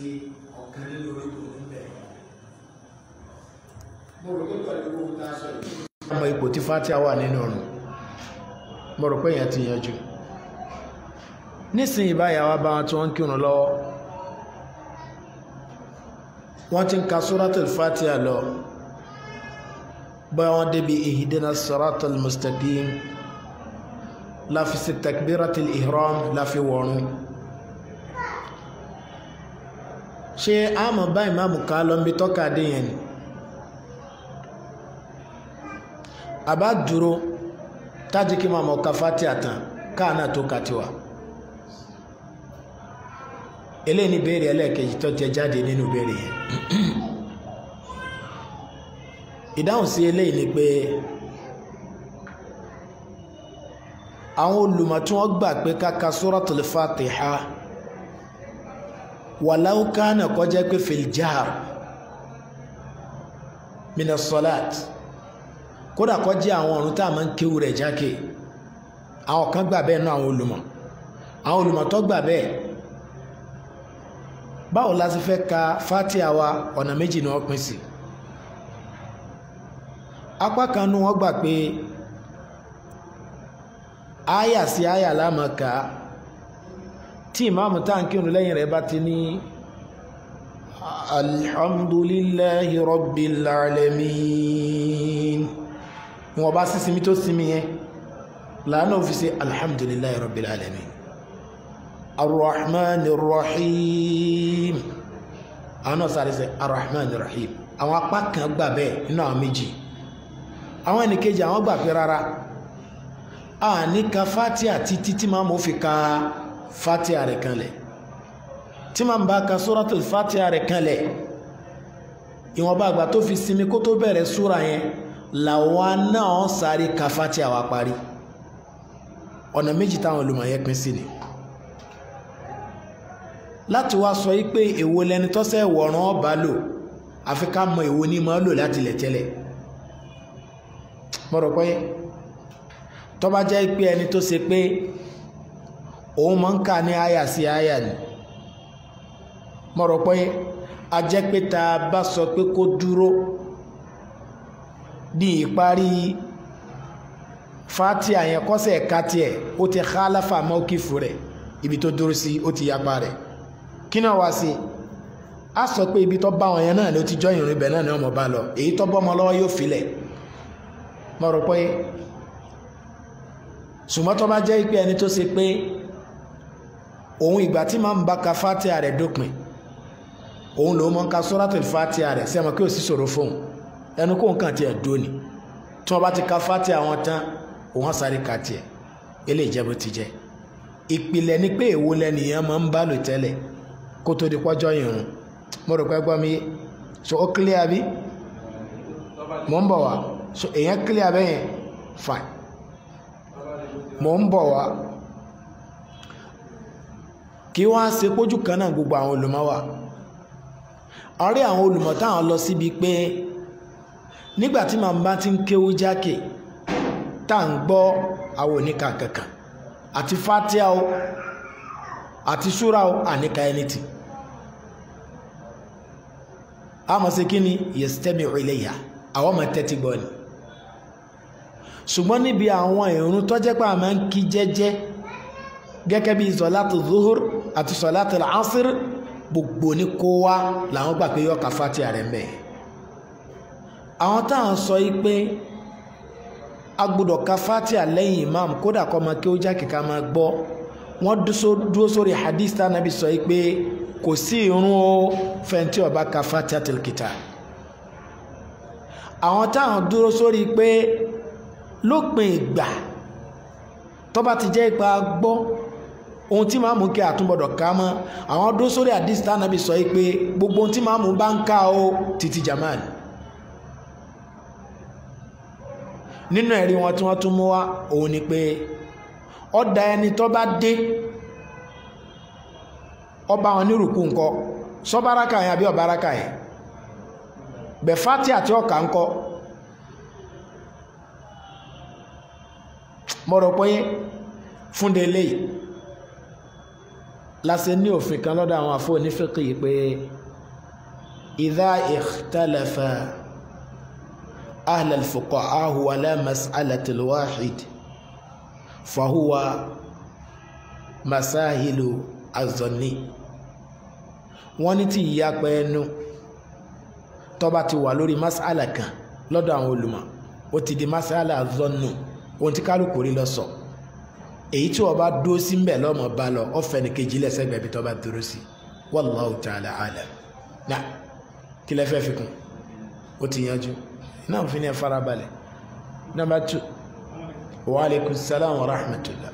sí ọ̀kan nínú orígun níbẹ̀. mo rò pé pẹ̀lú owó tá a sọ yìí. ọmọ ipò tí fatia wà nínú ọ̀run mo rò pé èèyàn ti yanjú nísìnyí báyà wá bá wọn tí wọ́n ń kírun lọ́wọ́ wọ́n ti ń ka suratul fatia lọ bóyá wọ́n débi ihdina siratal mustaqim láfi sí takbiratul ihram láfi wọ̀run. ṣé a mọ̀ bá ìmáàmù ká lọ tọ́ka dé ni àbá dúró tájí kí máa mọ̀ ká fati àtàn káà náà tó ka tiwa eléyìí ní béèrè ẹlẹ́ẹ̀kejì tó jẹ jáde nínú béèrè yẹn ìdáhùn sí eléyìí ni pé àwọn olùmọ̀ tí wọ́n gbà pé ká ka Suratul ha wàláwó kánà kọjá pé filjahar minasolat kódà kọjá àwọn ọ̀run tá a máa ń kéwu rẹ̀ jákè àwọn kan gbà bẹ́ẹ̀ náà àwọn olùmọ̀ àwọn olùmọ̀ tó gbà bẹ́ẹ̀ báwo la ti fẹ́ ka fatia wa ọ̀nà méjì ni wọ́n pín sí apá kan nu wọ́n gbà pé aya sí aya lámàá kàá tí ìmáàmù táǹkìrún lẹ́yìn rẹ̀ bá ti ní alhamdulillahi rabbil alamin wọn bá sí sinmi tó sinmi yẹn lànà òfin sí alhamdulillahi rabbil alamin arrahman rahim àwọn náà sáré sẹ arrahman rahim àwọn apá kan gbà bẹ́ẹ̀ nínú àwọn méjì àwọn ẹnìkejì àwọn gbà pé rárá a fatia títí tí máa mọ̀ fi ka fatiha rẹ̀ kanlẹ̀ tí màá bá ka sóràtò fatiha rẹ̀ kanlẹ̀ ìwọ̀nba àgbà tó fi sinmi kó tó bẹ̀rẹ̀ súra yẹn làwa náà sáré ka fatiha wa parí ọ̀nà méjì táwọn olùmọ̀ yẹn pín sí ni láti wá sọ yí pé èwo lẹni tọ́sẹ̀ wọ̀ràn ọba lò àfi ká mọ èwo ni máa lò láti lẹ̀ tẹ́lẹ̀ mo rò pé tó jẹ́ pé ẹni tó ṣe pé òun máa ń kà ní àyà sí àyà ni mo rò pé a jẹ́ pé tá a bá sọ pé kó dúró di ìparí fatia yẹn kọ́sẹ̀ ẹ̀ka tiẹ̀ ó ti khalafa mọ́kìfù rẹ̀ ibi tó dúró sí ó ti yapa rẹ̀ kí náà wá sí a sọ pé ibi tó bá wọn yẹn náà ló ti jọ ìrìn ibẹ̀ náà ni ọmọ bá lọ èyí tó bọ́ ọmọ lọ́wọ́ yóò filẹ̀ mo rò pé ṣùgbọ́n bá jẹ́ pé ẹni tó ṣe pé òun ìgbà tí máa ń bá ka fatia rẹ̀ dópin òun lòun máa ń ka suratul fatia rẹ̀ sẹ́mi kí o sì sọ̀rọ̀ fóun ẹnu kóun kàn tiẹ̀ dóni tí wọ́n bá ti ka fatia wọn tán òun sáré ka tiẹ̀ eléyìí jẹ́ ti jẹ́ ìpìlẹ̀ ni pé èwo lẹ́nìyàn máa ń bá lò tẹ́lẹ̀ kó tó di pọ́jọ́ ìrun mo rò pé gbọ́ mi so ó clear bí mo ń bọ̀ wá so èèyàn clear bẹ́yẹn fine mo ń bọ̀ wá kí wọ́n á ṣe pójú kan náà gbogbo àwọn olùmọ̀ wa àárí àwọn olùmọ̀ táwọn lọ síbi pé nígbà tí màmá bá ti ń kéwú jákè tá à ń gbọ́ àwọn oníkà kankan àti fatia o àti ṣúra o àníkà ẹni tì àmọ́ sí kí ni yẹ̀sítẹ́mi ìrìlẹ̀ àwọn ọmọ tẹ́tí gbọ́ ni ṣùgbọ́n níbi àwọn ìrun tó jẹ́ pé àmọ́ ń kí jẹ́jẹ́ gẹ́gẹ́ bí sọ̀látù zuhur àti sọ̀láàtì asir gbogbo ní kó wá làwọn gbà pé yọ ká fatiha rẹ̀ mẹ́ àwọn táwọn sọ yìí pé a gbọ́dọ̀ ka fatiha lẹ́yìn imam kódà kọ́ ma kí ó jákè ká máa gbọ́ wọ́n dúró sórí hadith tá nàbí sọ yìí pé kò sí irun o fẹ́ntì ọba ka fatiha tìlkìtà àwọn táwọn dúró sórí pé lópin ìgbà tó ti jẹ́ ipa gbọ́ ohun tí màmú kí àtúngbọ̀dọ̀ ká mọ́ àwọn dúró sórí àdìsí tánàbí sọ yìí pé gbogbo ohun tí màmú bá ń ká o títí jamal nínú ẹ̀rí wọn tí wọ́n tún mú wá òun ni pé ọ̀dà ẹni tó bá dé ọba wọn ní rùkú ńkọ́ sọ́báraka yẹn àbí ọ̀báraka yẹn bẹ̀fátì àti ọ̀kà ńkọ́ pé láṣẹ ní òfin kan lọ́dọ̀ àwọn àfọ onífẹ́kì pé idha ikhtalafa ahlal fuqaha ala mas'alatil wahid fahuwa masahilu azọ́ni wọ́n ní tí ìyapa ẹnu tó bá ti wà lórí mas'ala kan lọ́dọ̀ àwọn olùmọ̀ ó ti di mas'ala azọ́nù ohun tí kálukú rí ló sọ. So èyí tí wọ́n bá dúró sí ń bẹ̀ lọ́mọ bá lọ ọ̀fẹ́ ni kejì lẹ́sẹ̀gbẹ̀ bí tó bá dúró sí wallahu ta'ala alam na kí lẹ́fẹ́ fi kún ó ti yanjú náà fi ní ẹ farabalẹ̀ nọ́mbà tù wa aleykum wa rahmatulah.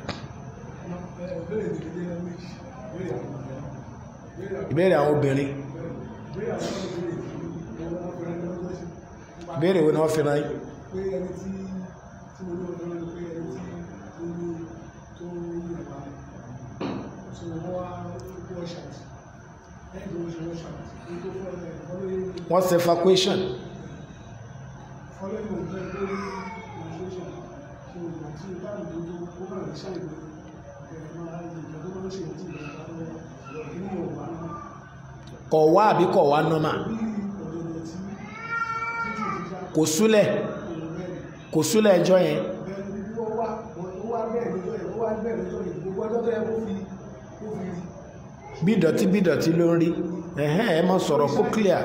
ìbéèrè àwọn obìnrin ìbéèrè wo ni wọ́n fi rán yín. What's the evacuation? kọ̀wá àbí kọ̀wá nọ́mà kò súlẹ̀ kò súlẹ̀ ẹjọ́ yẹn bí ìdọ̀tí bí ìdọ̀tí ló ń rí ẹ̀hẹ́n ẹ mọ́ sọ̀rọ̀ kó clear.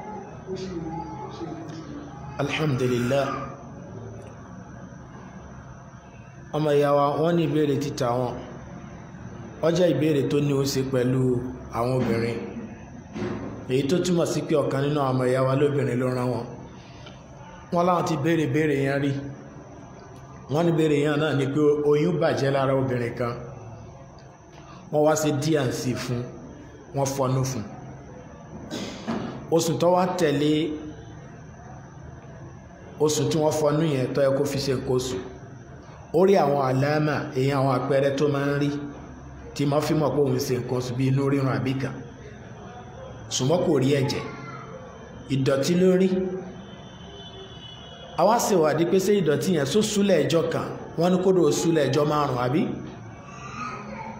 alhamdulillah ọmọ ìyá wa wọ́n ní ìbéèrè títà wọn ó jẹ́ ìbéèrè tó ní ó ṣe pẹ̀lú àwọn obìnrin èyí tó túmọ̀ sí pé ọ̀kan nínú àwọn ọmọ ìyá wa lóbìnrin ló rán wọn wọ́n láwọn ti béèrè béèrè yẹn rí wọ́n ní béèrè yẹn náà ni pé oyún bàjẹ́ lára obìnrin kan wọ́n wá sí díàǹsì fún wọ́n fọnú fún un oṣù tó wá tẹ̀lé oṣù tí wọ́n fọnú yẹn tó yẹ kó fi ṣe nǹkan oṣù ó rí àwọn àlámà èyí àwọn àpẹẹrẹ tó máa ń rí tí mo fi mọ̀ pé òun ṣe nǹkan oṣù bí inú rírun àbí kan ṣùgbọ́n kò rí ẹ̀jẹ̀ ìdọ̀tí ló rí àwa ṣèwádìí pé ṣé ìdọ̀tí yẹn só súlẹ̀ ẹjọ́ kan wọ́n ní kó dò súlẹ̀ ẹjọ́ márùn-ún àbí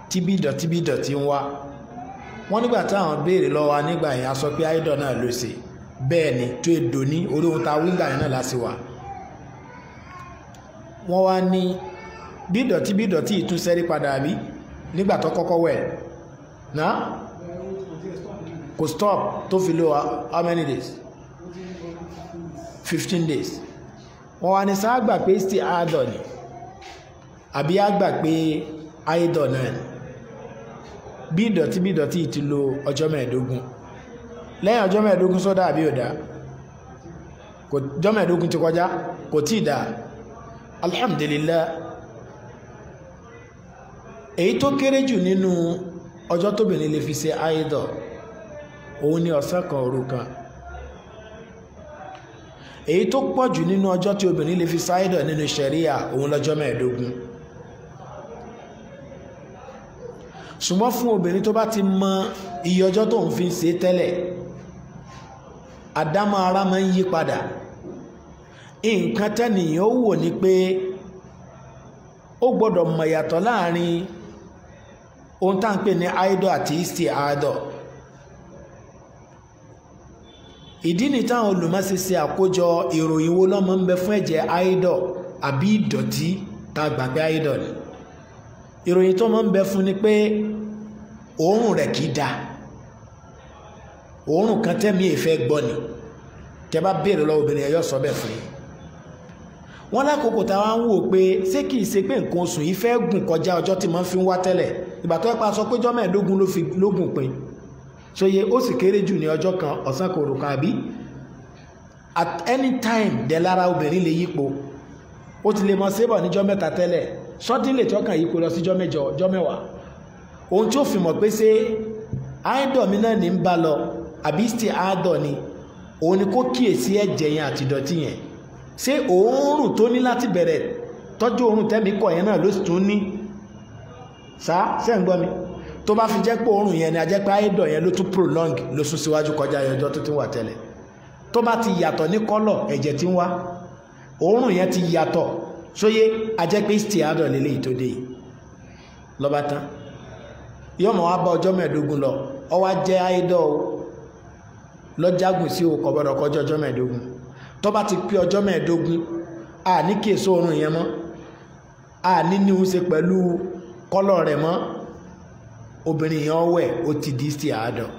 tíbi ìdọ̀tí bí ìdọ̀tí ń wá wọ́n nígbà táwọn béèrè lọ́wọ́ nígbà yẹn a sọ pé idol náà ló ṣe bẹ́ẹ̀ ni tó èdò ní orí ohun a wíńgà yẹn náà láti wà wọ́n wá ní bídọ̀tí bídọ̀tí ìtún sẹ́rí padà bí nígbà tó kọ́kọ́ wẹ̀ ná kò stop tó fi lo how many days fifteen days wọ́n wá ní sáà gbà pé sti idol ni àbí àgbà pé idol náà ni. bí ìdọ̀tí bí ìdọ̀tí ti lo ọjọ́ mẹ́ẹ̀ẹ́dógún lẹ́yìn ọjọ́ mẹ́ẹ̀ẹ́dógún sọ́dà àbí òdà ọjọ́ mẹ́ẹ̀ẹ́dógún ti kọjá kò tí ì dà alhamdulillah èyí tó kéré jù nínú ọjọ́ tóbìnrin lè fi ṣe áìdọ̀ òun ni ọ̀sán kan òru kan èyí tó pọ̀ jù nínú ọjọ́ tí obìnrin lè fi ṣe áìdọ̀ nínú ṣẹ̀ríà òun lọ́jọ́ mẹ́ẹ̀ẹ́dógún ṣùgbọ́n fún obìnrin tó bá ti mọ iye ọjọ́ tó ń fi ṣe tẹ́lẹ̀ àdámọ́ ara máa ń yí padà nǹkan tẹ́nìyàn wò ní pé ó gbọ́dọ̀ mọ̀ yàtọ̀ láàrin ohun tá à ń pè ní idol àti isti idol ìdí ni táwọn olùmọ̀ọ́sí ṣe àkójọ ìròyìn wo lọ́mọ ń bẹ fún ẹ̀jẹ̀ idol àbí ìdọ̀tí tá a gbà pé idol ni ìròyìn tó máa ń bẹ fún ni pé òórùn rẹ̀ kìí da òórùn kan tẹ́mi ìfẹ́ gbọ́ ni tẹ́ bá béèrè lọ́wọ́ obìnrin ẹ̀ yọ sọ bẹ́ẹ̀ fún yín wọ́n lákòókò táwa ń wò pé ṣé kìí ṣe pé nǹkan oṣù yìí fẹ́ gùn kọjá ọjọ́ tí máa ń fi wá tẹ́lẹ̀ ìgbà tó pa sọ pé ọjọ́ mẹ́ẹ̀ẹ́dógún ló fi lógùn pin ṣòye ó sì kéré jù ní ọjọ́ kan ọ̀sán kòrò kan àbí at any time dẹ̀ lára obìnrin lè yípo ó ti lè mọ sébọ̀ níjọ́ mẹ́ta tẹ́lẹ̀ sọ́dínlẹ̀ tọ́kàn yìí kó lọ sí jọ́mẹ́jọ jọ́mẹ́wàá ohun tí ó fi mọ̀ pé ṣé áìdọ̀ mi náà ní ń bá lọ àbí ṣe áìdọ̀ ni òun ni kó kíyèsí ẹ̀jẹ̀ yẹn àti ìdọ̀tí yẹn ṣé òórùn tó ní láti bẹ̀rẹ̀ tọ́jú òórùn tẹ́mi kọ̀ yẹn náà ló sì tún ní sá ṣe ń gbọ́ mi tó bá fi jẹ́ pé òórùn yẹn ni a jẹ́ pé áìdọ̀ yẹn ló tún prolong ló sún síwájú kọjá ọjọ́ tó ti wà tẹ́lẹ̀ tó bá ti yàtọ̀ ní kọ́lọ̀ ẹ̀jẹ̀ ti ń wá òórùn yẹn ti yàtọ̀ sóyé ajẹ́ pé stiadọ̀ lélẹ̀ tó dé lọ́ba tán yóò mọ̀ wá bá ọjọ́ mẹ́ẹ̀ẹ́dógún lọ ọ wá jẹ́ áídọ́ lọ́jàgùn sí òkò gbọ́dọ̀ kọjọ́ ọjọ́ mẹ́ẹ̀ẹ́dógún tó bá ti pé ọjọ́ mẹ́ẹ̀ẹ́dógún a ní kí èso oorun yẹn mọ́ a ní ní í ṣe pẹ̀lú kọ́lọ̀ rẹ̀ mọ́ obìnrin yẹn ọwẹ́ ó ti di stiadọ̀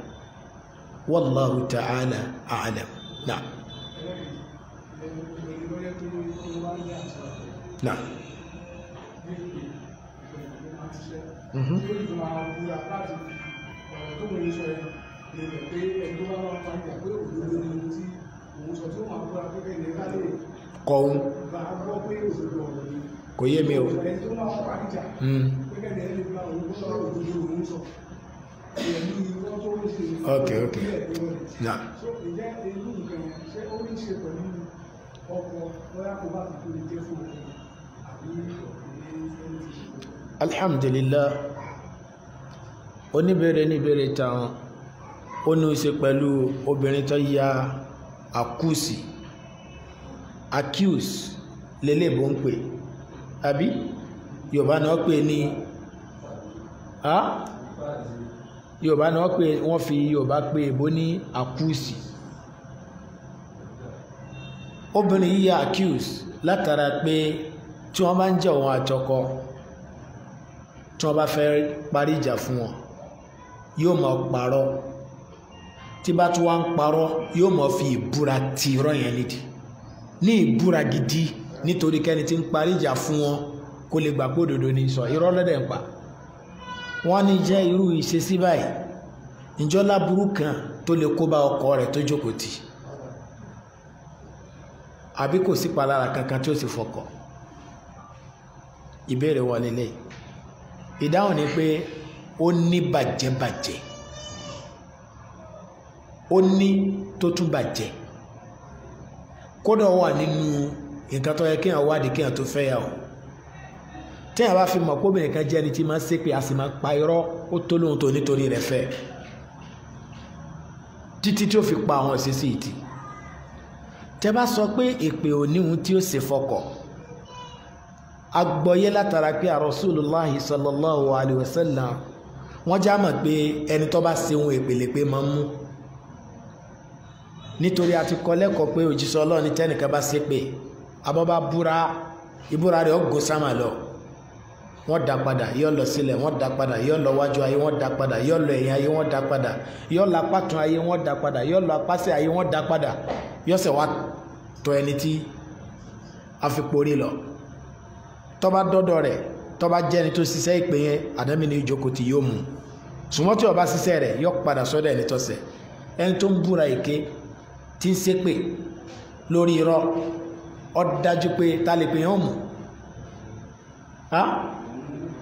wallahu ta'ala a'lam náà. Nà. Mhm. Kọ̀ọ̀hún. Kò yé mi o. Mhm. Ok ok. Nà. Ǹjẹ́ alhamdulillah oníbèrè níbèrè táwọn ó ní í ṣe pẹ̀lú obìnrin tó ya àkúùsì accuse lélẹ́bọ̀ ń pè àbí yorùbá náà pè ní yorùbá náà pè wọ́n fi yorùbá pè èbó ní àkúùsì obìnrin yíya accuse látara pé tí wọ́n bá ń jẹ́ òun àtọkọ tí wọ́n bá fẹ́ parí ìjà fún wọn yóò máa parọ́ tí bá tún wá ń parọ́ yóò máa fi ìbúra ti irọ́ yẹn nídìí ní ìbúra gidi nítorí kẹ́ni tí ń parí ìjà fún wọn kó lè gbà pé òdodo ní sọ irọ́ lọ́dẹ̀ ń pa wọ́n ní jẹ́ irú ìṣesí báyìí ǹjọ́ láburú kan tó lè kó bá ọkọ rẹ̀ tó jókòó tì àbí kò sí palára kankan tí ó sì fọkàn ìbéèrè wà lélẹ̀ ìdáhùn ni pé ó ní bàjẹ́bàjẹ́ ó ní tó tún bàjẹ́ kódà wà nínú nǹkan tó yẹ kí èèyàn wádìí kí èèyàn tó fẹ́ yà o téèyàn bá fi mọ̀ pé obìnrin kan jẹ́ ẹni tí máa ń ṣépè a sì máa pa irọ́ ó tó lóhun tó nítorí rẹ̀ fẹ́ títí tí ó fi pa àwọn ìṣesí ìtì tẹ bá sọ pé èpè ò níhun tí ó ṣe fọkọ̀ agbọ́yé látara pé àrọ́sùlùláhi sallallahu alayhi wa sallam wọ́n já mọ̀ pé ẹni tó bá ṣe ohun èpèlè pé máa ń mú nítorí a ti kọ́ lẹ́kọ̀ọ́ pé òjíṣẹ́ ọlọ́ọ̀ni tẹ́nìkan bá ṣe pé abọ́bá búra ìbúra rẹ̀ ọ̀gùn sámà lọ wọ́n dá padà yọ lọ sílẹ̀ wọ́n dá padà yọ lọ wájú ayé wọ́n dá padà yọ lọ ẹ̀yìn ayé wọ́n dá padà yọ lọ apátun ayé wọ́n dá padà yọ lọ apásẹ̀ ayé wọ́n dá padà yọ sẹ̀ tọ ẹni tí a porí lọ tọ́ba dọ́dọ̀ rẹ̀ tọ́ba jẹ́ni tó ṣiṣẹ́ ìpè yẹn àdámì ní ìjókòó ti yóò mú ṣùgbọ́n tí ọba ṣiṣẹ́ rẹ̀ yọ padà sọ́dọ̀ ẹni tọ́sẹ̀ ẹni tó ń búra èké tí ń ṣépè lórí irọ́ ó dájú pé ta lè pè yẹn ó mú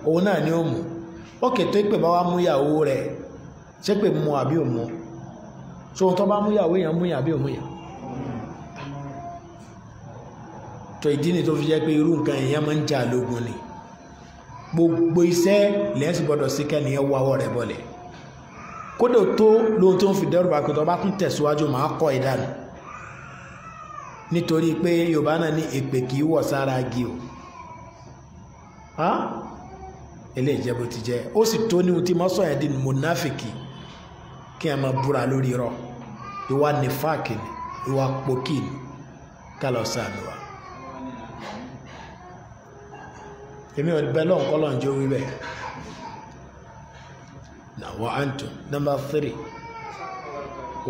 òun náà ni ó mú ókè tó ìpè bá wá mú ìyàwó rẹ̀ ṣépè mú àbí òmù so tó bá mú ìyàwó yẹn mú yẹn àbí òmù yẹn tó ìdí ni tó fi jẹ́ pé irú nǹkan èèyàn máa ń jà lógun ni gbogbo iṣẹ́ lẹ́yìn sì gbọ́dọ̀ sí kẹ́niyàn wọ ọwọ́ rẹ̀ bọ̀lẹ̀ kódò tó lóhun tó ń fi dẹ́rù bá pé tó bá tún tẹ̀síwájú máa kọ́ ìdánù nítorí pé yorùbá náà ní èpè kì í wọ̀ sára agi o eléyìí jẹ́ bó ti jẹ́ ó sì tó ní ohun tí mọ́sán yẹn di mùnáfìkì kí ẹ máa búra lórí irọ́ ìwà nífàkì ìwà pòkì kálọ̀ sáà wa. èmi ò bẹ́ lọ́n kọ́lọ́n jó wíbẹ̀ na wa antum number three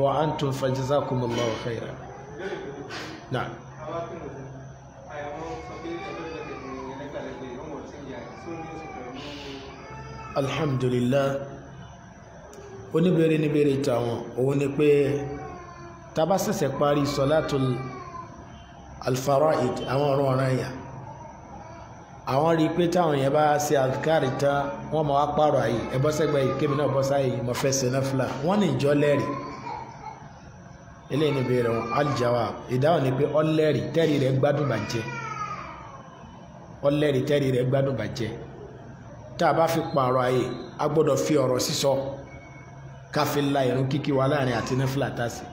wa antum fajazakumullahu khairan na. alhamdulillah oníbèrè níbèrè tàwọn òun ni pé tá bá ṣẹ̀ṣẹ̀ parí sọlátùl àwọn ọ̀rọ̀ ọ̀ràn yẹn àwọn rí i pé táwọn yẹn bá ṣe àkárì tán wọ́n máa wá pààrọ̀ àyè ẹ bọ́ sẹ́gbẹ́ yìí kémi náà bọ́ sáyè mo fẹ́ ṣe náà fúlà wọ́n ní ìjọ lẹ́rì eléyìí ni ìbéèrè wọn alìjáwá ìdáhùn ni pé ọlẹ́rì tẹ́rì rẹ̀ gbádùn bàjẹ́ ọlẹ́rì tẹ́rì rẹ̀ gbádùn bàjẹ́ tá a bá fi pààrọ̀ àyè a gbọ́dọ̀ fi ọ̀rọ̀ sísọ ká la ìrun kíkí wa láàrin àti náà fúlà tá a sì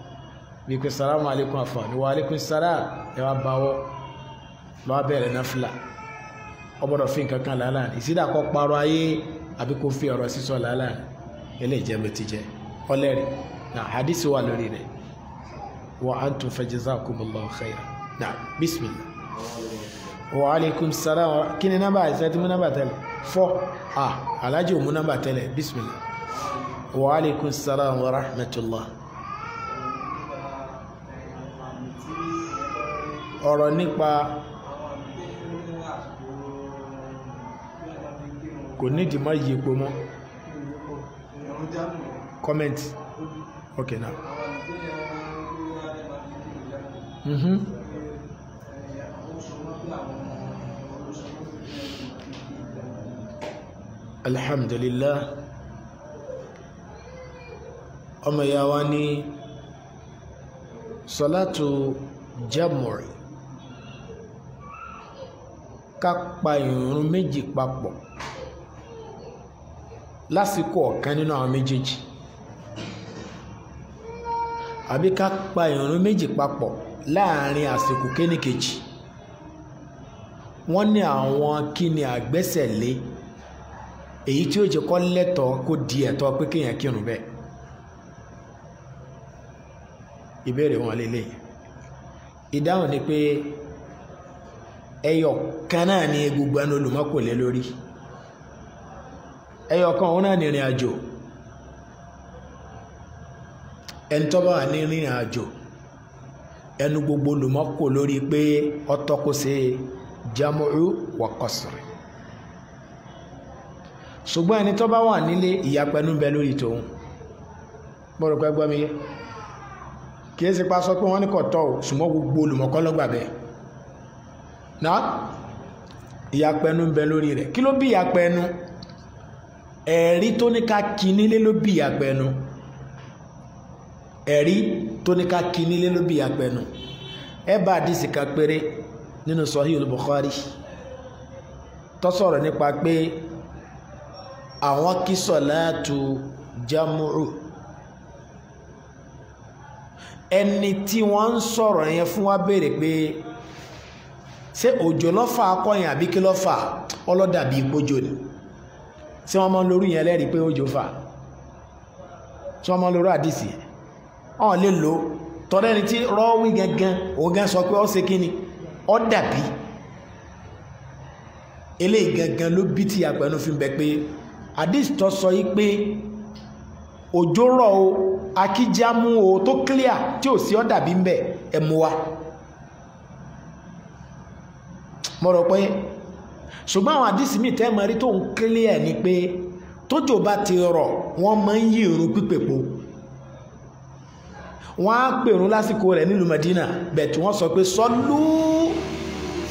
bí pé salamu alaykum afa ni wa alaykum ẹ wá báwọ lọ́wọ́ ọgbọ́dọ̀ fi nǹkan kan làálà ìsídà kọ́ parọ́ ayé àbí kò fi ọ̀rọ̀ sísọ làálà eléyìí jẹ́ bó ti jẹ́ ọlẹ́rì na hadisi wà lórí rẹ̀ wa antum fajazakumullahu khayra na bismillah wa alaikum salam kí ni nọ́mbà àìsàn tí mú nọ́mbà tẹ́lẹ̀ fọ́ ah alájì ò mú nọ́mbà tẹ́lẹ̀ bismillah wa alaikum salam wa rahmatullah ọ̀rọ̀ nípa kò nídìí mọ́ yí epo mọ́ comment okay now. Mm-hmm. alhamdulillah ọmọ ìyá wa ní sọlátù jamori ká pa ìrun méjì papọ̀ lásìkò ọ̀kan nínú àwọn méjèèjì àbí ká pa ìrun méjì papọ̀ láàrin àsìkò kéníkejì wọ́n ní àwọn kíni àgbẹ́sẹ̀lé èyí tí ó jẹ́ kó lẹ́tọ̀ọ́ kó di ẹ̀tọ́ pé kéèyàn kírun bẹ́ẹ̀ ìbéèrè wọn lélẹ̀ ìdáhùn ni pé ẹyọ kan náà ni gbogbo ẹnu olùmọ́kò lé lórí. ẹyọkan òun náà ní ìrìn àjò ẹni tó bá wà ní ìrìn àjò ẹnu gbogbo olùmọ́kò lórí pé ọtọ́ kò ṣe jamu'u wa qasri ṣùgbọ́n ẹni tó bá wà nílé ìyapẹnu bẹ lórí tòun mo rò pé gbọ́ mi kì í ṣe pa sọ pé wọ́n kò tọ́ o ṣùgbọ́n gbogbo olùmọ̀kọ́ lọ́gbà bẹ́ẹ̀ náà ìyapẹnu lórí rẹ̀ kí ló bí ìyapẹnu ẹ̀rí tó ní ká kíní lé ló bí àpẹnu ẹ̀rí tó ní ká kíní lé ló bí àpẹnu ẹ bá àdìsí kan péré nínú Sahih al-Bukhari tó sọ̀rọ̀ nípa pé àwọn kí sọ̀láàtù jámúrù ẹni tí wọ́n ń sọ̀rọ̀ yẹn fún wa béèrè pé ṣé òjò ló akọ́yìn àbí kí ọlọ́dàbí ìpójò ni sí wọ́n mọ́ lórí yẹn lẹ́rìí pé ó jò fà tí wọ́n mọ́ lórí àdìsí yẹn ọ̀n lè lò tọ́lẹ́ ni tí rọ́wí gangan òun gan sọ pé ó ṣe kíni ó dàbí eléyìí gangan ló bí ti àpẹnu fi bẹ pé àdìsí tó sọ yìí pé òjò rọ̀ o akíjámú o tó clear tí ò sí ó dàbí ń bẹ ẹ̀ mú wa mo rò pé ṣùgbọ́n àwọn àdìsí mi tẹ́ mọ rí tó ń clear ni pé tójò bá ti rọ̀ wọ́n máa ń yí irun pípèpo wọ́n á pèrún lásìkò rẹ̀ nílùú Medina bẹ̀tù wọ́n sọ pé sọlú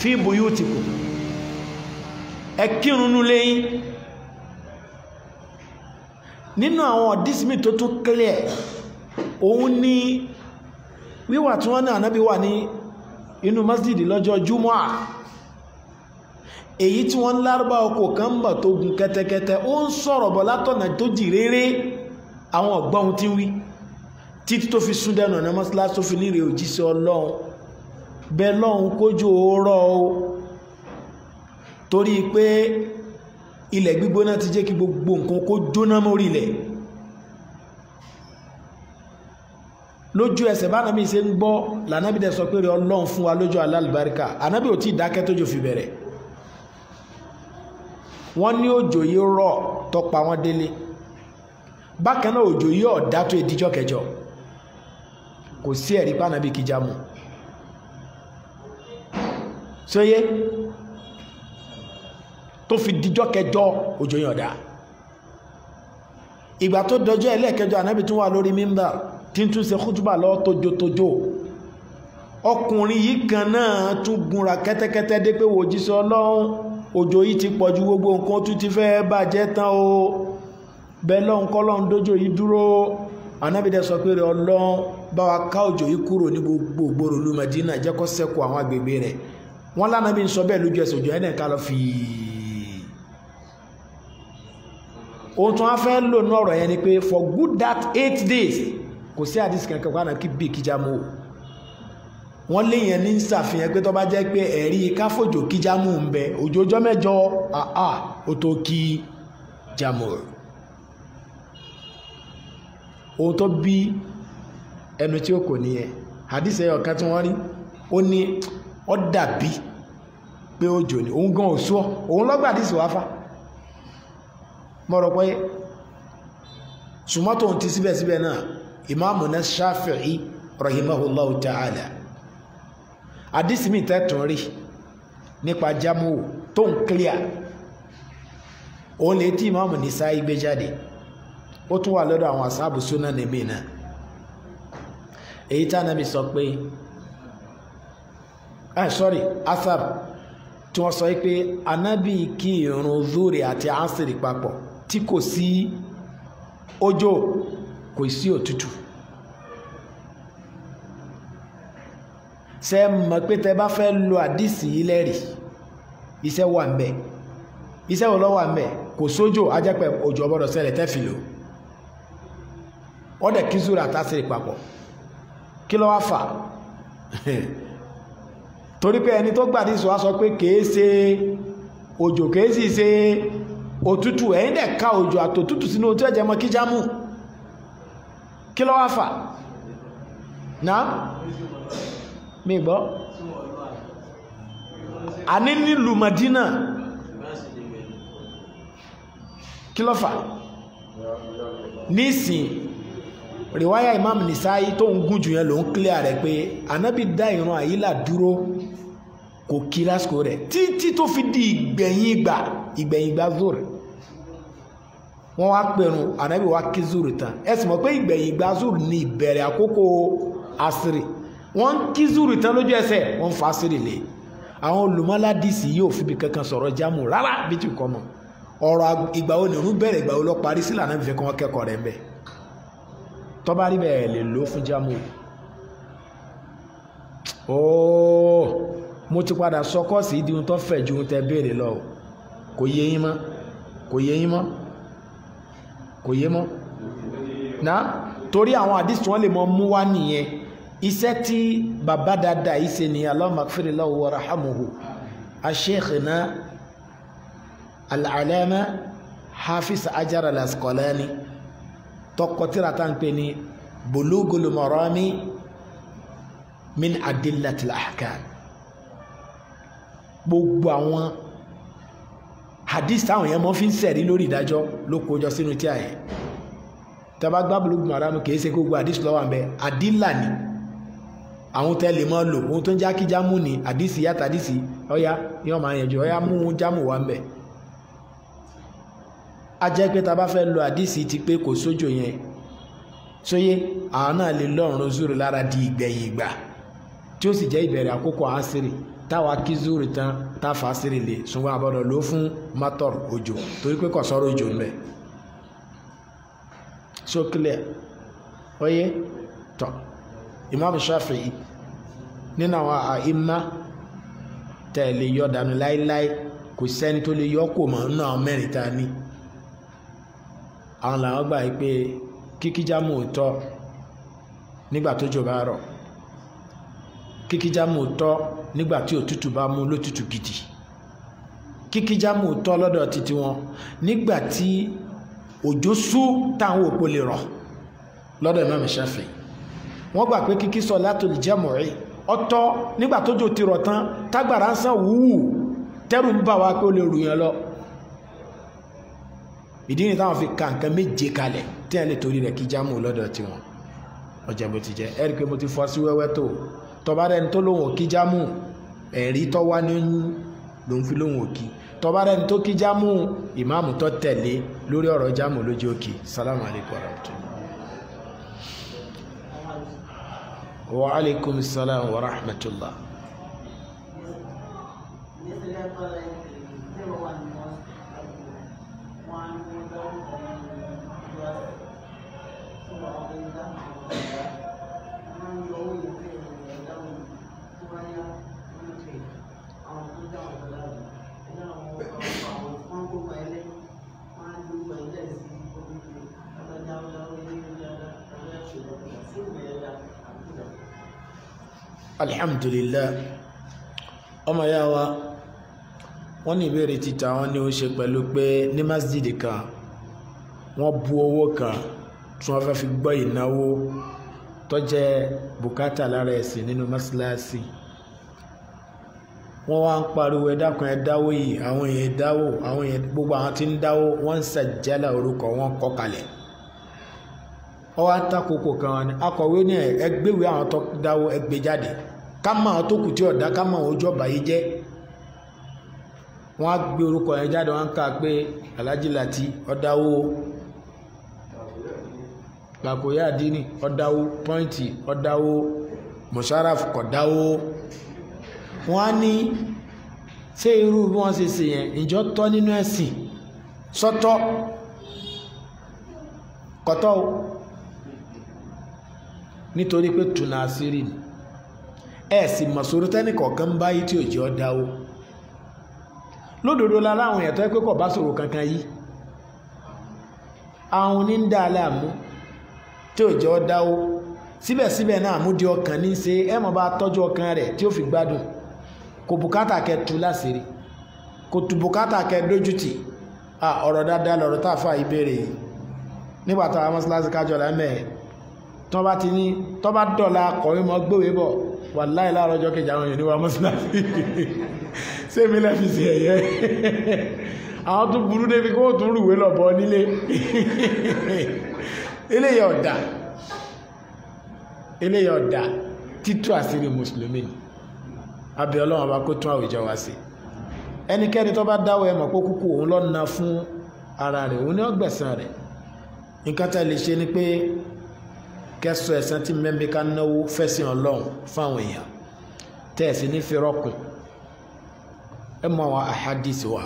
fi buyutikum ẹ kírun nulẹ̀ yín nínú àwọn àdìsí mi tó tún clear òun ni wíwà tí wọ́n ní ànábì wà ní inú masjid lọ́jọ́ jumu'ah èyí tí wọ́n lárúbá ọkọ̀ kan mọ̀ tó gun kẹ́tẹ́kẹ́tẹ́ ó ń sọ̀rọ̀ bọ̀ látọ̀nà tó jì réré àwọn ọ̀gbọ́n tí ń wí títí tó fi sún dẹnu ọ̀nà mọ́sálásí tó fi níre òjíṣẹ́ ọlọ́run bẹ́ẹ̀ lọ́hùn kójú òórọ̀ o torí pé ilẹ̀ gbígbóná ti jẹ́ kí gbogbo nǹkan kó jóná mórí ilẹ̀ lójú ẹsẹ̀ bá anábì ṣe ń gbọ́ lànábì dẹ̀ sọ pé ọlọ́run fún wa lójú alálùbáríkà anábì ò tí ì dákẹ́ tójò fi bẹ̀rẹ̀ wọ́n ní òjò yìí rọ̀ tó pa wọ́n délé bákan náà òjò yìí ọ̀dá tó ìdíjọ́ kẹjọ kò sí ẹ̀rí pànàbí kìjàmù sóyé tó fi díjọ́ kẹjọ òjò yìí ọ̀dá ìgbà tó dọjọ́ ẹlẹ́ẹ̀kẹjọ ànábì tún wà lórí mímbà tí ń tún ṣe kútùbà lọ tójótójó ọkùnrin yìí kan náà tún gunra kẹ́tẹ́kẹ́tẹ́ dé pé wò jíṣẹ́ ọlọ́run òjò yìí ti pọ̀jù gbogbo nǹkan tún ti fẹ́ bàjẹ́ tán o bẹ́ẹ̀ lọ́n kọ́lọ́n dójò yìí dúró anábìdẹ sọ pé rẹ̀ bá wa ká òjò yìí kúrò ní gbogbo ògbóró ìlú Madina jẹ́ kó àwọn agbègbè rẹ̀ wọ́n lánàá bí n sọ bẹ́ẹ̀ lójú ẹsẹ̀ òjò ẹ̀ nìkan lọ fi ohun tí wọ́n fẹ́ lò ní ọ̀rọ̀ yẹn ni pé for good that eight days kò sí àdìsí kankan kó àná kí bíi kíjà mú o wọ́n léèyàn ní ṣàfihàn pé tó bá jẹ́ pé ẹ̀rí káfòjò kí jámù ń bẹ òjòjọ́ mẹ́jọ àá ó tó kí jámù ohun tó bí ẹnu tí ó kò nìyẹn hadith ẹyọ kan tí wọ́n rí ó ní ó dàbí pé òjò ni òun gan òṣùọ́ òun lọ́gbà hadith wá fà mo rò pé ṣùgbọ́n tóun ti síbẹ̀síbẹ̀ náà ìmáàmù náà Shafi'i rahimahullahu ta'ala àdìsí mi tẹ́tùn rí nípa jámù tó ń clear òun lè tí ìmáàmù Nasa'i gbé jáde ó tún wà lọ́dọ̀ àwọn àsáàbù súnà níbí náà èyí tá nàbì sọ pé ẹ ah, sọ́rí asab tí wọ́n sọ pé anábì kí irun zuri àti asiri papọ̀ tí kò sí òjò kò sí òtútù. ṣe mọ̀ pé tẹ bá fẹ́ lo àdìsí yìí lẹ́rìí iṣẹ́ wà ń bẹ̀ iṣẹ́ wo ló wà ń bẹ̀ kò sójò ajẹ́pẹ́ òjò ọbọ̀dọ̀ ṣẹlẹ̀ tẹ́ fi lò ọ̀dẹ̀ kí zúra tásìrì papọ̀ kí ló wá fà torí pé ẹni tó gbàdí sọ wá sọ pé kèé ṣe òjò kèé sì ṣe òtútù ẹ̀yin dẹ̀ ka òjò àtòtútù sínú ojú ẹ̀jẹ̀ mọ kí jámù kí ló wá fà náà mi gbọ́ àní nílùú Madina kí ló fà Imam Nisa'i tó ń gùn jù yẹn ló ń clear rẹ̀ pé Ànábì dá ìran àyílà dúró kò kí lásìkò rẹ̀ títí tó fi di ìgbẹ̀yìn ìgbà ìgbẹ̀yìn ìgbà zoro wọ́n wá pẹ̀rùn Ànábì wá kí zoro tán ẹ sì mọ̀ pé ìgbẹ̀yìn zoro ni ìbẹ̀rẹ̀ àkókò asiri wọ́n ń kí zúrù tán lójú ẹsẹ̀ wọ́n ń fa sírì lé àwọn olùmọ́ládìsí yóò fi ibi kankan sọ̀rọ̀ jámù rárá bí tí kọ́ mọ̀ ọ̀rọ̀ ìgbà wo ni òun bẹ̀rẹ̀ ìgbà wo lọ parí sí lànà ìfẹ́ kí wọ́n kẹ́kọ̀ọ́ rẹ̀ ń bẹ̀ tó bá rí bẹ́ẹ̀ lè lò ó fún jámù ooo mo ti padà sọ kọ́ọ̀sì ìdí tó fẹ̀ ju ohun tẹ béèrè lọ o kò yé yín mọ́ kò yé yín mọ́ kò yé mọ́ ná torí àwọn àdìsí wọn lè mọ mú wá nìyẹn iṣẹ́ tí bàbá dáadáa yìí ṣe ni Allah maghfirlahu warhamuhu asheikhina al-alama hafiz hajar al-asqalani tọkọtìrà tá à ń pè ní bulugul marami min adillatil ahkam gbogbo àwọn hadith táwọn yẹn mọ́ fi ń sẹ̀rí lórí ìdájọ́ ló kójọ sínú tí a yẹ tẹ́ bá gbá bulugul kì í ṣe gbogbo hadith lọ́wọ́ àbẹ adilla ni àwọn tẹ́lẹ̀ mọ́ lò ohun tó ń já jámù ní àdìsí yàtà àdìsí ọ̀yá ni wọ́n máa yẹn jù ọ̀yá mú jámù wá mbẹ̀. a jẹ́ pé ta bá fẹ́ lo àdìsí ti pé kò sójò yẹn sóyé àwọn náà lè lọ́rùn zúrù lára di ìgbẹ̀yìn ìgbà tí ó sì jẹ́ ìbẹ̀rẹ̀ àkókò àásìrì táwa kí zúrù tán tá a fà á sírì lè ṣùgbọ́n àbọ̀dọ̀ ló fún mọ́tọ̀r òjò torí pé kò sọ́rọ̀ òjò mbẹ̀ so clear ọyẹ tán. Imam Shafi'i nínú àwọn àìmá tẹ lè yọ dànù láíláí kò sẹ́ni tó lè yọ kò mọ nínú àwọn mẹ́rin tá a ní àwọn làwọn gbà pé kíkíjámù ò tọ́ nígbà tó jò bá rọ̀ kíkíjámù ò tọ́ nígbà tí òtútù bá mú lótútù gidi kíkíjámù tọ́ lọ́dọ̀ títí wọn nígbà tí òjò sú táwọn òpó lè rọ̀ lọ́dọ̀ Imam Shafi'i wọ́n gbà pé kíkí sọ látò lè jẹ́ mọ̀rí ọ̀tọ̀ nígbà tójò ti rọ̀ tán tágbàrá ń sàn wúwù tẹ́rù ń bà wá pé ó lè rù yẹn lọ ìdí ni táwọn fi ka nǹkan méje kalẹ̀ tí wọ́n lè torí rẹ̀ kí jámù lọ́dọ̀ tiwọn ọjà bó ti jẹ́ ẹ̀rí pé mo ti fọ́ sí wẹ́wẹ́ tó tọba rẹni tó lóhùn òkí jámù ẹ̀rí tó wá ní lòun fi lóhùn òkí tọba rẹni tó kí jámù ìmáàmù tó tẹ̀lé lórí ọ̀rọ̀ jámù lójú òkè sálámù alaykum wa rahmatullahi. وعليكم السلام ورحمة الله alhamdulillah ọmọ ya wa wọ́n ní ìbéèrè títà wọn ní ó ṣe pẹ̀lú pé ní masjid kan wọ́n bu owó kan tí wọ́n fẹ́ fi gbọ́ ìnáwó tó jẹ́ bùkátà lára ẹ̀sìn nínú mọ́sálásì wọ́n wá ń pariwo ẹ̀dákun ẹ̀dáwó yìí àwọn èèyàn dáwó àwọn èèyàn gbogbo àwọn tí ń dáwó wọ́n ń ṣàjálà orúkọ wọn kọ́ ọwọ́ atakoko kan ni akọ̀wé ní ẹgbẹ́wé àwọn tó dáwọ́ ẹgbẹ́ jáde ká mọ àwọn tó kù tí ọ̀dá ká mọ àwọn ojú ọ̀bà yìí jẹ́ wọ́n á gbé orúkọ yẹn jáde wọ́n á kà pé Alhaji Lati ọ̀dáwó Bakoya Adini ọ̀dáwó pọ́ǹtì ọ̀dáwó Musharraf kọ̀dáwó wọ́n á ní ṣé irú bí wọ́n ṣe ṣe yẹn ìjọ tọ́ nínú ẹ̀sìn sọ́tọ́ kọ́tọ́ o. nítorí pé tùnà àṣírí ẹ sì mọ̀ sórí tẹ́nìkọ̀ọ̀kan bá yí tí òjì ọ o. lódodo la láwọn èèyàn pé kò bá kankan yìí àwọn n'i amu, aláàmú tí òjì ọ o. síbẹ̀síbẹ̀ náà di ọkàn ní ṣe ẹ mọ̀ bá tọ́jú ọkàn rẹ̀ fi gbádùn kò bùkátà kẹ tu láṣìírí kò tu bùkátà kẹ ọ̀rọ̀ dáadáa lọ̀rọ̀ tá a fà ìbéèrè yìí nígbà táwọn tọ́ bá ti ní tọ́ bá dọ̀la akọ̀wé mọ́ gbòwé bọ̀ wà láì láàárọ̀ ọjọ́ kejì àwọn èèyàn ní wa mọ́sálásí sẹ́mi lẹ́fi sí ẹ̀yẹ àwọn tó burú débi kó tún rùwé lọ́bọ̀ nílé eléyà ọ̀dà eléyà ọ̀dà títú àṣírí mùsùlùmí ni abẹ ọlọ́run bá kó tún àwùjọ wa sí ẹnikẹ́ni tó bá dáwọ́ ẹ mọ̀ pé kúkú òun lọ́nà fún ara rẹ̀ òun ní ọgbẹ̀sán rẹ̀ nǹkan tá a lè ṣe ni pé kẹsọ ẹ̀san tí mẹ́mí ká náwó fẹ́sìn ọlọ́run fáwọn èèyàn tẹ̀sí ní fẹ́rọ̀kùn ẹ mọ àwọn àhádìsì wa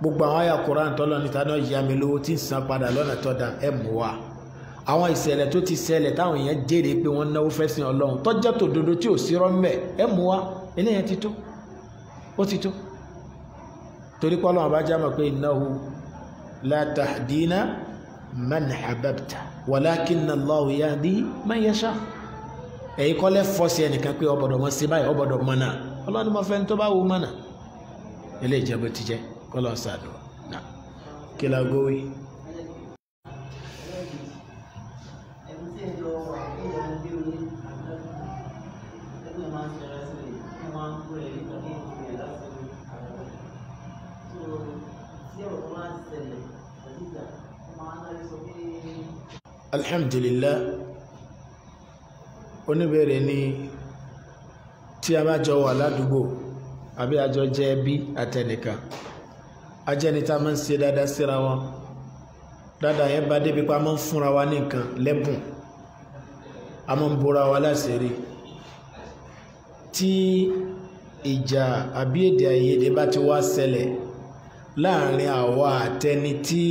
gbogbo àwọn àyà koran tọ́lọ́ níta náà yá mi lówó tí ń san padà lọ́nà tó dá ẹ mú wa àwọn ìṣẹ̀lẹ̀ tó ti ṣẹlẹ̀ táwọn èèyàn jèrè pé wọ́n náwó fẹ́sìn ọlọ́run tọ́jọ́ tòdodo tí ò sí rọ́mẹ̀ ẹ mú wa eléyàn ti tó ó ti tó torí pé ọlọ́run bá pé innahu la tahdina walakinna Allahu yahdi man yasha èyí kọ́lẹ́ fọ́ọ̀sì ẹnìkan pé ọbọ̀dọ̀ mọ́ sí báyìí ọbọ̀dọ̀ mọ́ náà ọlọ́run mọ́ fẹ́ni tó bá wù mọ́ ilé ìjẹ́bù ti jẹ́ sàdùn náà kí alhamdulillah oníbẹ̀rẹ̀ ni tí a bá jọ wà ládùúgbò àbí àjọ jẹ́ ẹbí àtẹnìkan ajẹ́ni tá a máa ń ṣe dáadáa síra wọn dáadáa yẹn bá débi pé a máa ń fúnra wa ní nǹkan lẹ́bùn a máa ń bora wa láṣìírí tí ìjà àbí èdè àìyedè bá ti wá ṣẹlẹ̀ láàrin àwa àtẹni tí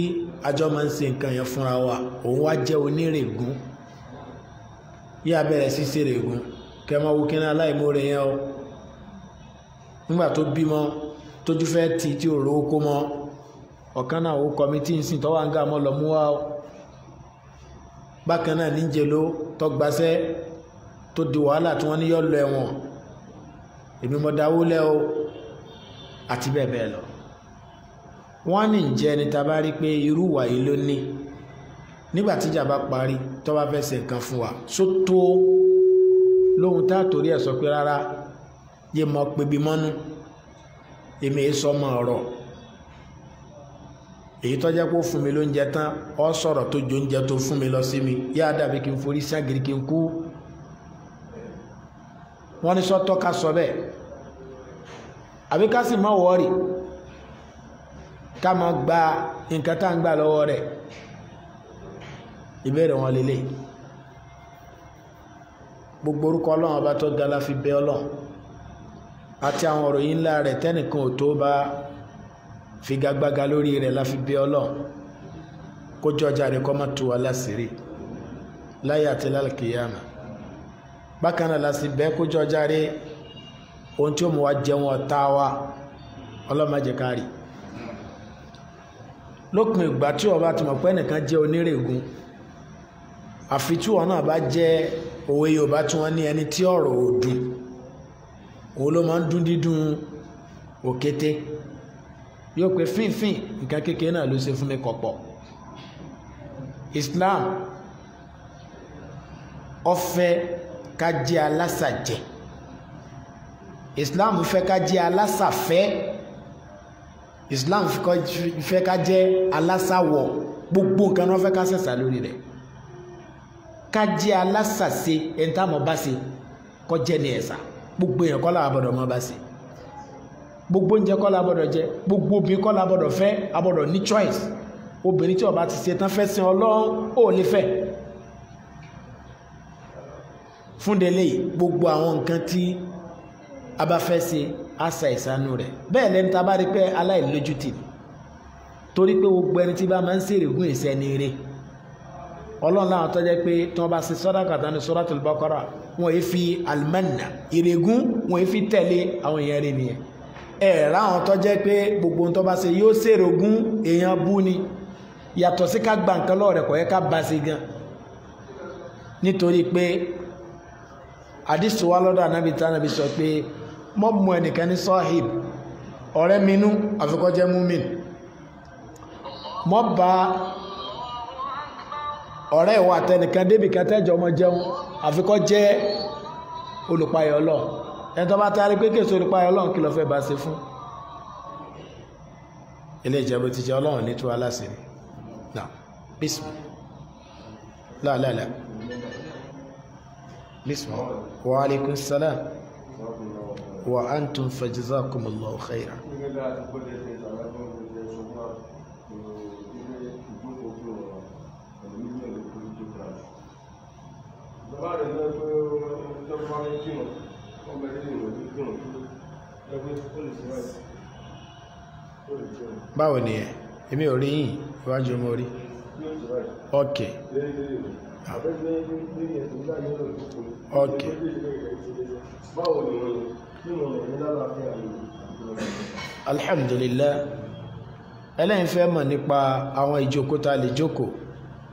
àjọ máa ń ṣe nǹkan yẹn fúnra wa òun wá jẹ́ onírègùn yíya bẹ̀rẹ̀ sí ṣe règùn kẹ́ máa wo kíní aláìmoore yẹn o nígbà tó bímọ tójú fẹ́ tì tí ò rówó kó mọ ọ̀kan náà ó kọmitì ń sìn tọ́wọ́ àǹgá mọ́ lọ mú wá o bákan náà níjẹ ló tọgbàṣẹ́ tó di wàhálà tí wọ́n ní yọ lọ ẹ̀wọ̀n èmi mọ̀ dáwó lẹ́ o àti bẹ́ẹ̀ bẹ́ẹ̀ lọ wọ́n ní ìjẹ́ ẹni tá a bá rí pé irú ìwà yìí ló ní nígbà tíjà bá parí tó bá fẹ́ ṣe fún wa só tó lóhun tá a torí ẹ̀ sọ pé rárá yé mọ pebi mọ́nú èmi èyí sọ mọ ọ̀rọ̀ èyí tọ́jà pé ó fún mi lóúnjẹ tán ọ sọ̀rọ̀ tó ju oúnjẹ tó fún mi lọ sí mi yá dàbí kí n forí ságiri kí n kú wọ́n ní sọ́tọ́ ká sọ bẹ́ẹ̀ àbí ká sì má wọ́ọ̀rì ká máa gba nǹkan tá à ń gbà lọ́wọ́ rẹ̀ ìbéèrè wọn lélẹ̀ gbogbo orúkọ ọlọ́run ọba tó ga la fi bẹ ọlọ́run àti àwọn ọ̀rọ̀ yìí ńlá rẹ̀ tẹ́nìkan ò tó bá figagbága lórí rẹ̀ la fi bẹ ọlọ́run kó jọjà rẹ̀ kó má tú wa láṣìírí láyé àti lálùkìyàmà bákan náà láti bẹ́ẹ̀ kó jọjà rẹ̀ ohun tí ó mú wa jẹun ọ̀tá wa ọlọ́mọdé kárì lópin ìgbà tí o bá ti mọ̀ pé ẹnìkan jẹ́ onírègùn àfi tí wọn náà bá jẹ́ òwe Yorùbá tí wọ́n ní ẹni tí ọ̀rọ̀ ò dùn òun ló máa ń dún dídùn òkété yóò pé fínfín nǹkan kékeré náà ló ṣe fún mi kọ̀pọ̀ Islam ó fẹ́ ká jẹ́ alásàjẹ Islam fẹ́ ká jẹ́ alásàfẹ́ islam fẹ́ ká jẹ́ alásàwọ̀ gbogbo nǹkan náà fẹ́ ká sẹ̀sà lórí rẹ̀ ká jẹ́ alásàse ẹni tá a mọ̀ bá se kọ́ jẹ́ ní ẹ̀sà gbogbo èèyàn kọ́ làwọn abọ́dọ̀ mọ́ bá se gbogbo oúnjẹ kọ́ la gbọ́dọ̀ jẹ gbogbo obìnrin kọ́ la gbọ́dọ̀ fẹ́ a ní choice obìnrin tí ó bá ti ṣe tán fẹ́ sin ọlọ́run ó lè fẹ́ fúndélé gbogbo àwọn nǹkan tí a bá fẹ́ ṣe àṣà ìsánú rẹ̀ bẹ́ẹ̀ lẹ́ni tá a bá rí pé aláìlójútì torí pé gbogbo ẹni tí bá máa ń ṣèrègùn ìṣẹ́ ni eré ọlọ́run láwọn tọ́jẹ́ pé tí wọ́n bá ṣe sọ́dáka tán ní Suratul Baqara wọ́n yìí fi alimanna ìrègùn wọ́n yìí fi tẹ̀lé àwọn èèyàn rẹ̀ nìyẹn ẹ̀ ráwọn tọ́jẹ́ pé gbogbo tó bá ṣe yóò ṣèrègùn èèyàn bú ni yàtọ̀ sí ká gba nǹkan lọ́wọ́ rẹ̀ yẹ ká ba sí gan nítorí pé àdìsí wa pé mọ́ mú ẹnìkan ní sahib ọ̀rẹ́ minú àfikọ́ jẹ́ múmin mọ́ bá ọ̀rẹ́ ìwà àtẹnìkan débì kẹtẹ́jọ ọmọ jẹun àfikọ́ jẹ́ olùpayọ̀ ọlọ́ ẹni tó bá tarí pé kéèsì olùpayọ̀ ọlọ́run kí lọ fẹ́ bá ṣe fún ilé ìjẹ́bù ti jẹ́ ọlọ́run nítorí aláṣẹ náà wa alaikum salam وأنتم فجزاكم الله خيرا. báwo ni ẹ èmi ò rí yìn iwájú mo rí ok. Okay. alhamdulillah ẹlẹ́yìn fẹ́ mọ̀ nípa àwọn ìjókòó tá a lè jókòó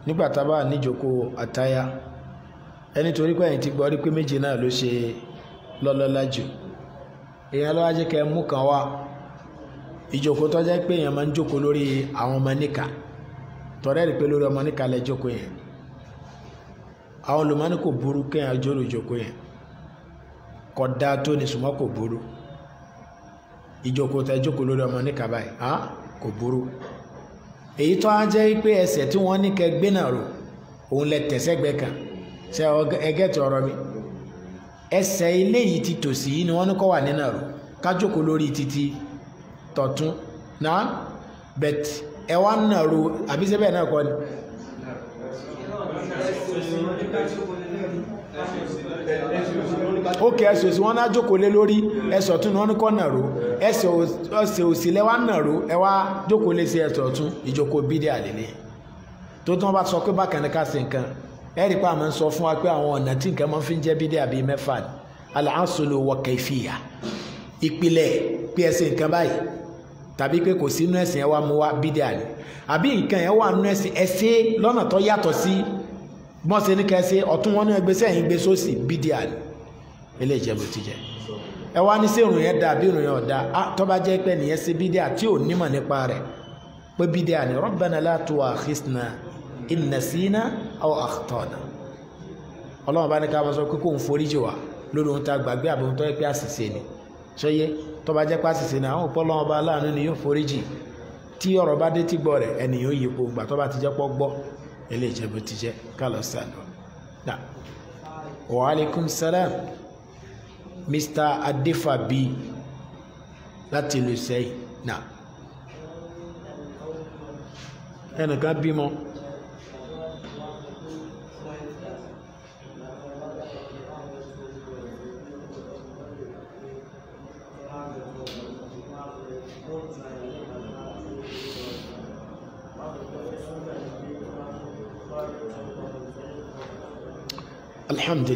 nígbà tá a bá níjókòó àtáyá ẹni torí pé ẹ̀yìn ti gbọ́ rí pé méje náà ló ṣe lọ́lọ́lá jù èèyàn lọ́wọ́ jẹ́ kẹ́ mú kan wá ìjókòó tó jẹ́ pé èèyàn máa ń jókòó lórí àwọn ọmọ níkà tọ́rẹ́ rí pé lórí ọmọ níkà lẹ́ yẹn àwọn olùmọ́ni kò burú kéèyàn jòrò ìjókòó yẹn kò dáa tó ní ṣùgbọ́n kò burú ìjókòó tẹ jókòó lórí ọmọ ní báyìí á kò burú èyí tó á jẹ́ pé ẹsẹ̀ tí wọ́n ní kẹ gbé náà rò òun lẹ tẹ̀sẹ̀gbẹ́ kan ṣe ẹgẹ́tì mi ẹsẹ̀ ti tòsí ni wọ́n ní kọ́ wà rò lórí títí tọ̀tún náà bẹ̀t ẹ wá àbí sẹ́bẹ̀ náà kọ́ ni. ókè ẹsẹ̀ òsì wọn lájókòó lé lórí ẹsẹ̀ ọ̀tún ni wọ́n ní kọ́ nàró ẹsẹ̀ òsì lẹ́wà nàró ẹwà jókòó lé sí ẹsẹ̀ ọ̀tún ìjókòó bídé àlélẹ́ tó tí wọ́n bá sọ pé bákan ní ká ṣe nǹkan ẹ̀rí pa àmọ́ ń sọ fún wa pé àwọn ọ̀nà tí nǹkan máa ń fi jẹ́ bídé àbí mẹ́fà ni aláǹsọ̀lù wọ kẹfìyà ìpìlẹ̀ pé ẹsẹ̀ nǹkan báyìí tàbí pé kò sí nú ẹ̀sìn ẹ̀ wá mú wa bídé àlè àbí nǹkan ẹ̀ wà nú ẹ̀sìn ẹ̀sẹ̀ lọ́nà tó yàtọ̀ sí bọ́n ṣe ní kẹsí ọ̀tún wọn ní ẹgbẹ́ sẹ́yìn gbé sósì bídíà ni ilé ìjẹ́bù ti jẹ́ ẹ wá ní sí ìròyìn ẹ̀dá bí ìròyìn ọ̀dá tó bá jẹ́ pé nìyẹn sí bídíà tí ò nímọ̀ nípa rẹ̀ pé bídíà ni rabbana la tu'akhizna in nasina aw akhtana ọlọ́run bá ní ká máa sọ pé kò ń foríjì wá lórí ohun tá a gbàgbé àbí tó yẹ pé àṣìṣe ni ilé ìjẹ́bù ti jẹ́ kálọ̀ sàlọ̀ dà wa alaikum salam mr adefabi láti ìlú Ìṣẹ́yìn náà ẹnìkan bímọ.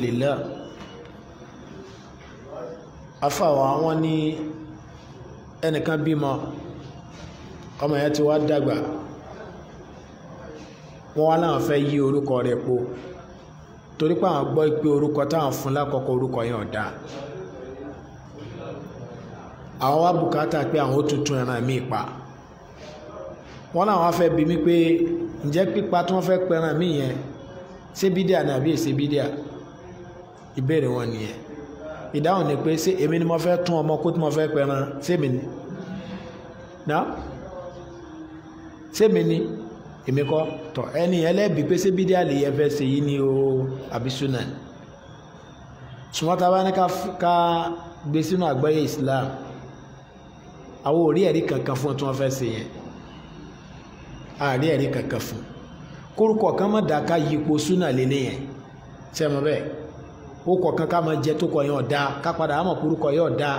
lillah awa, wọn ní ẹnìkan bímọ ọmọ yẹn ti wá dàgbà wọn wá láwọn fẹ yí orúkọ rẹ̀ po torí pé àwọn gbọ́ pé orúkọ táwọn fún lákọ̀ọ́kọ́ orúkọ yẹn ọ̀dà àwọn wá bùkátà pé àwọn ó tuntun ẹran pa wọn làwọn pé ǹjẹ́ pípa tí wọ́n fẹ́ yẹn ṣé bídíà ni àbí èsè bídíà. ìbéèrè wọn nìyẹn ìdáhùn ni pé ṣé èmi ni mo fẹ́ tún ọmọ kó tí mo fẹ́ pẹran sẹ́mi ni ná sẹ́mi ni èmi kọ́ tọ̀ ẹni ẹlẹ́bi pé ṣé bídíà lè yẹ fẹ́ ṣe yìí ni o àbí súnà ni ṣùgbọ́n tá a bá ní ká gbé sínú àgbáyé Islam àwọn ò rí ẹ̀rí kankan fún ọ tí wọ́n fẹ́ ṣe yẹn àrí ẹ̀rí kankan fún kórúkọ kan mọ̀ dáká yípo súnà lélẹ́yìn ṣé mo bẹ́ẹ̀ ó kọ̀ kan ká máa jẹ tó kọ̀ yẹn ọ̀dà ká padà á mọ̀ pé orúkọ yẹn ọ̀dà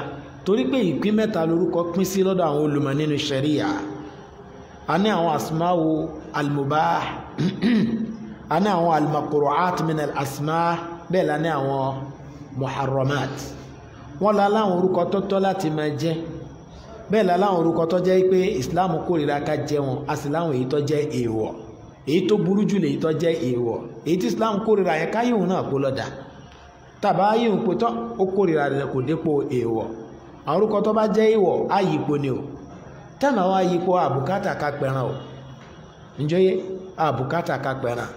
torí pé ìpín mẹ́ta lorúkọ pín sí lọ́dọ̀ àwọn olùmọ̀ nínú ṣẹ̀ríyà a ní àwọn asmáwo almubah a ní àwọn almakuruat min alasma bẹ́ẹ̀ la ní àwọn muharramat wọ́n la láwọn orúkọ tó láti máa jẹ́ bẹ́ẹ̀ la láwọn orúkọ tó jẹ́ pé islam kórìíra ká jẹ wọn a sì láwọn èyí tó jẹ́ èèwọ̀ èyí tó burú jù lè èyí tó jẹ́ èèwọ̀ èyí tí islam kórìíra yẹn káyé òun náà kó lọ́dà tàbá yí ń pètọ́ ó kórìíra rẹ̀ kò dépò èèwọ̀ àwọn orúkọ tó bá jẹ́ èèwọ̀ ni o táwọn àwọn ayípo àbùkátà ká pẹ̀ràn o níjọ́ yé àbùkátà ká pẹ̀ràn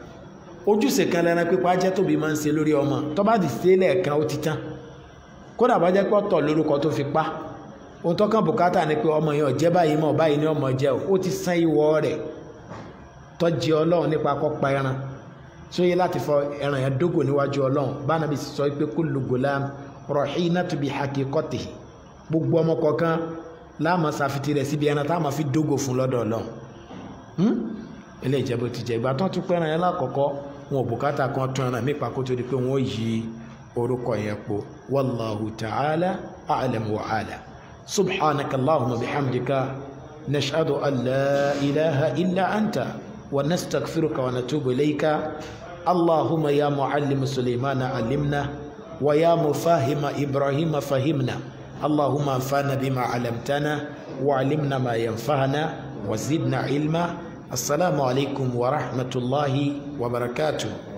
ojúṣe kan lẹ́ran pípa jẹ́ tóbi máa ń se lórí ọmọ tó bá dì sí lẹ́ẹ̀kan ó ti tán kódà bá jẹ́ pé ọ̀tọ̀ lórúkọ tó fi pa ohun tó kàn bùkátà ni pé ọmọ yẹn ọ̀jẹ́ báyìí mọ̀ báyìí ni ọmọ jẹ́ o ó ti san rẹ̀ tọ́jú ọlọ́run nípa tún yẹ láti fọ ẹran yẹn dógò níwájú ọlọ́run báwọn bí sọ pé kullu gulam rahinatu bi haqiqatihi gbogbo ọmọ kọ̀ọ̀kan láàmú sàfitì rẹ̀ síbi ẹran táwọn fi dógò fún lọ́dọ̀ ọlọ́run ilé hmm? ìjẹ́bù ti jẹ́ ìgbà tó ti pẹ́ ẹran yẹn lákọ̀ọ́kọ́ wọn ò bùkátà kan tún ẹran mi pàkó tó di pé wọ́n yí orúkọ yẹn po wallahu ta'ala a'lam wa ala subhanaka allahumma bihamdika nashhadu an ilaha illa anta wa nastaghfiruka wa natubu ilayka اللهم يا معلم سليمان علمنا ويا مفاهم إبراهيم فهمنا اللهم انفعنا بما علمتنا وعلمنا ما ينفعنا وزدنا علما السلام عليكم ورحمة الله وبركاته